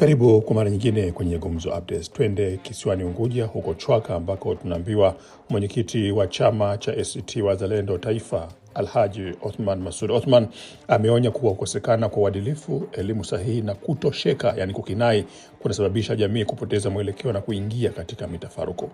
Karibu kwa mara nyingine kwenye Gumzo Updates. Twende kisiwani Unguja, huko Chwaka ambako tunaambiwa mwenyekiti wa chama cha ACT Wazalendo Taifa Alhaji Othman Masud Othman ameonya kuwa kukosekana kwa uadilifu, elimu sahihi na kutosheka, yani kukinai, kunasababisha jamii kupoteza mwelekeo na kuingia katika mitafaruku.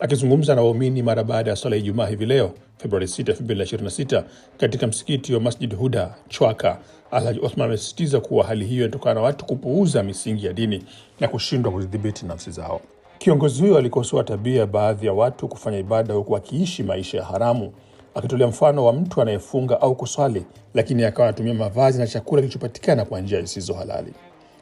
Akizungumza na waumini mara baada ya swala ya Ijumaa hivi leo Februari 6, 2026 katika msikiti wa Masjid Huda Chwaka, Alhaji Othman amesisitiza kuwa hali hiyo inatokana na watu kupuuza misingi ya dini na kushindwa kuzidhibiti nafsi zao. Kiongozi huyo alikosoa tabia ya baadhi ya watu kufanya ibada huku wakiishi maisha ya haramu akitolea mfano wa mtu anayefunga au kuswali lakini akawa anatumia mavazi na chakula kilichopatikana kwa njia zisizo halali.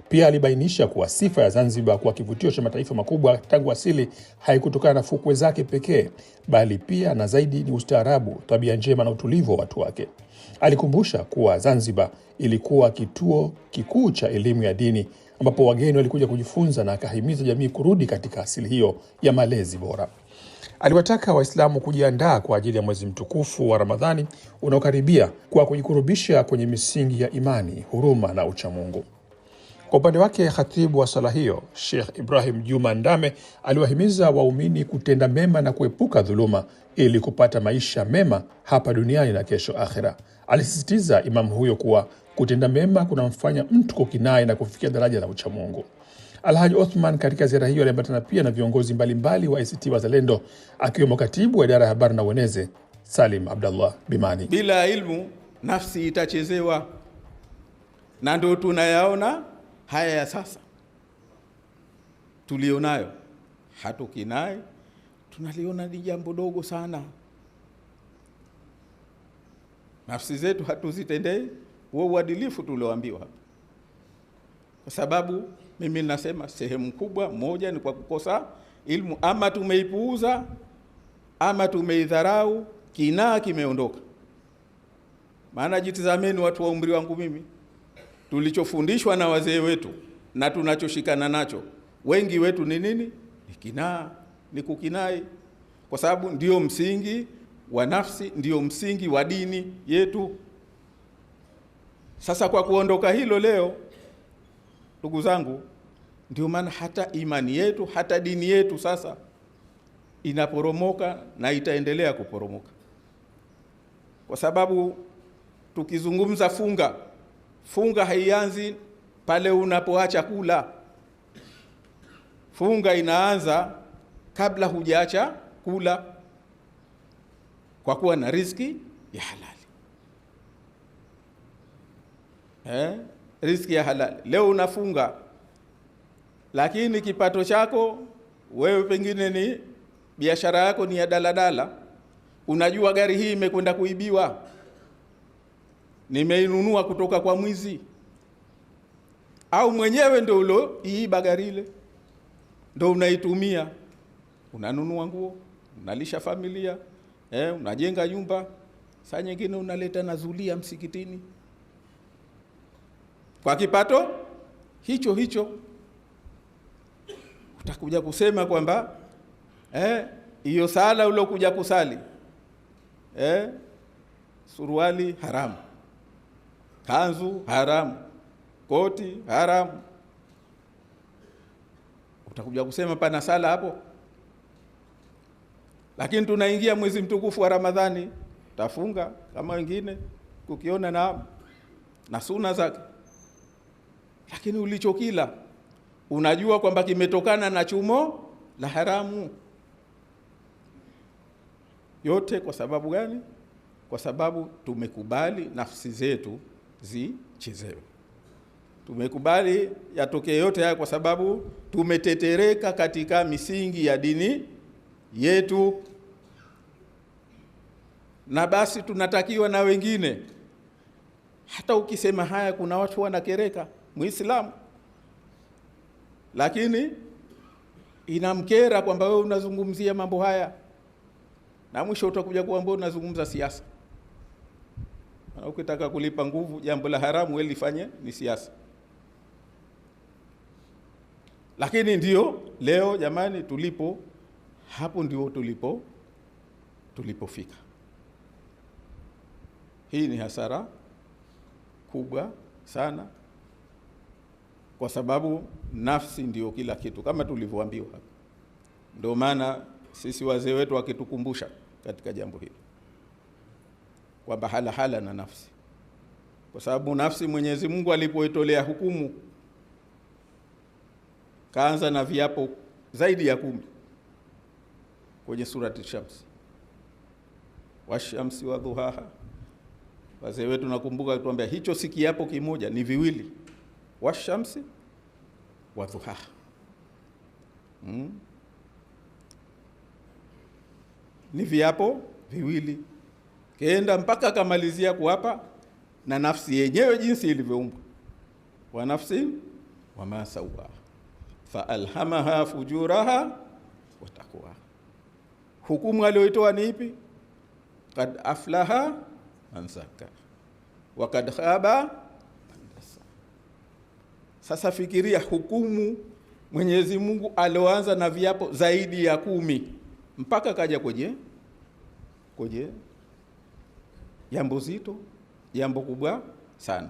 Pia alibainisha kuwa sifa ya Zanzibar kuwa kivutio cha mataifa makubwa tangu asili haikutokana na fukwe zake pekee, bali pia na zaidi ni ustaarabu, tabia njema na utulivu wa watu wake. Alikumbusha kuwa Zanzibar ilikuwa kituo kikuu cha elimu ya dini ambapo wageni walikuja kujifunza na akahimiza jamii kurudi katika asili hiyo ya malezi bora. Aliwataka Waislamu kujiandaa kwa ajili ya mwezi mtukufu wa Ramadhani unaokaribia kwa kujikurubisha kwenye misingi ya imani, huruma na uchamungu. Kwa upande wake, khatibu wa sala hiyo Sheikh Ibrahim Juma Ndame aliwahimiza waumini kutenda mema na kuepuka dhuluma ili kupata maisha mema hapa duniani na kesho akhira. Alisisitiza imamu huyo kuwa Kutenda mema kunamfanya mtu kukinai na kufikia daraja la uchamungu. Alhaji Othman katika ziara hiyo aliambatana pia na viongozi mbalimbali mbali wa ACT Wazalendo, akiwemo katibu wa idara ya habari na ueneze Salim Abdallah Bimani. Bila ilmu nafsi itachezewa, na ndo tunayaona haya ya sasa tulionayo, hatukinai, tunaliona ni jambo dogo sana. Nafsi zetu hatuzitendei huo uadilifu tulioambiwa hapa, kwa sababu mimi nasema sehemu kubwa moja ni kwa kukosa ilmu, ama tumeipuuza ama tumeidharau, kinaa kimeondoka. Maana jitizameni, watu wa umri wangu mimi, tulichofundishwa na wazee wetu na tunachoshikana nacho wengi wetu ni nini? Ni kinaa, ni kukinai, kwa sababu ndio msingi wa nafsi, ndio msingi wa dini yetu. Sasa kwa kuondoka hilo leo, ndugu zangu, ndio maana hata imani yetu hata dini yetu sasa inaporomoka na itaendelea kuporomoka, kwa sababu tukizungumza funga, funga haianzi pale unapoacha kula. Funga inaanza kabla hujaacha kula, kwa kuwa na riziki ya halali. eh, riziki ya halali. Leo unafunga lakini kipato chako wewe pengine ni biashara yako ni ya daladala. Unajua gari hii imekwenda kuibiwa, nimeinunua kutoka kwa mwizi, au mwenyewe ndio ulioiiba gari ile, ndio unaitumia, unanunua nguo, unalisha familia eh, unajenga nyumba, saa nyingine unaleta na zulia msikitini kwa kipato hicho hicho. Utakuja kusema kwamba eh, hiyo eh, sala uliokuja kusali eh, suruali haramu, kanzu haramu, koti haramu. Utakuja kusema pana sala hapo? Lakini tunaingia mwezi mtukufu wa Ramadhani, tafunga kama wengine, kukiona na na suna zake lakini ulichokila unajua kwamba kimetokana na chumo la haramu. Yote kwa sababu gani? Kwa sababu tumekubali nafsi zetu zichezewe, tumekubali yatokee yote haya kwa sababu tumetetereka katika misingi ya dini yetu, na basi tunatakiwa na wengine. Hata ukisema haya, kuna watu wanakereka. Muislamu, lakini inamkera kwamba wewe unazungumzia mambo haya na mwisho utakuja mbona unazungumza siasa. Ukitaka kulipa nguvu jambo la haramu, wewe lifanye ni siasa. Lakini ndio leo jamani, tulipo hapo, ndio tulipo tulipofika. Hii ni hasara kubwa sana kwa sababu nafsi ndio kila kitu kama tulivyoambiwa hapa. Ndio maana sisi wazee wetu wakitukumbusha katika jambo hili kwamba halahala na nafsi, kwa sababu nafsi Mwenyezi Mungu alipoitolea hukumu kaanza na viapo zaidi ya kumi kwenye surati Shamsi, washamsi wa dhuhaha. Wazee wetu nakumbuka kutuambia hicho si kiapo kimoja, ni viwili washamsi wa dhuhaha hmm? Ni viapo viwili, kenda mpaka akamalizia kuapa na nafsi yenyewe jinsi ilivyoumbwa, wa nafsi wama sawaha faalhamaha fujuraha wa Hukumu aliyoitoa ni ipi? Kad aflaha man zakkaha wa kad khaba sasa fikiria hukumu Mwenyezi Mungu alioanza na viapo zaidi ya kumi mpaka kaja kwenye kwenye jambo zito, jambo kubwa sana,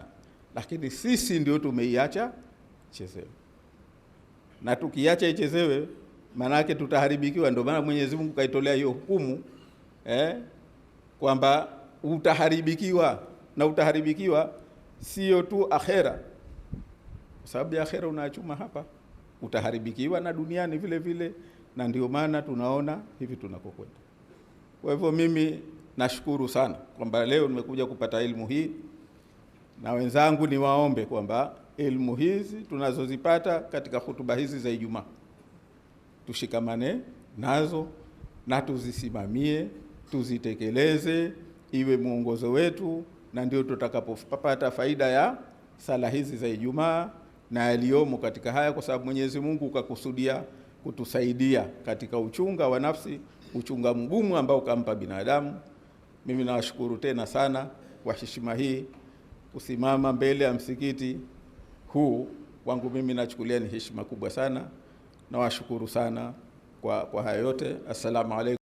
lakini sisi ndio tumeiacha chezewe, na tukiacha ichezewe maana yake tutaharibikiwa. Ndio maana Mwenyezi Mungu kaitolea hiyo hukumu eh, kwamba utaharibikiwa na utaharibikiwa sio tu akhera kwa sababu ya akhera unachuma hapa utaharibikiwa na duniani vile vile, na ndio maana tunaona hivi tunakokwenda. Kwa hivyo mimi nashukuru sana kwamba leo nimekuja kupata elimu hii, na wenzangu niwaombe kwamba elimu hizi tunazozipata katika hutuba hizi za Ijumaa tushikamane nazo na tuzisimamie, tuzitekeleze, iwe mwongozo wetu, na ndio tutakapopata faida ya sala hizi za Ijumaa na yaliyomo katika haya, kwa sababu Mwenyezi Mungu ukakusudia kutusaidia katika uchunga wa nafsi, uchunga mgumu ambao kampa binadamu. Mimi nawashukuru tena sana kwa heshima hii kusimama mbele ya msikiti huu kwangu mimi nachukulia ni heshima kubwa sana. Nawashukuru sana kwa, kwa haya yote. Assalamu alaykum.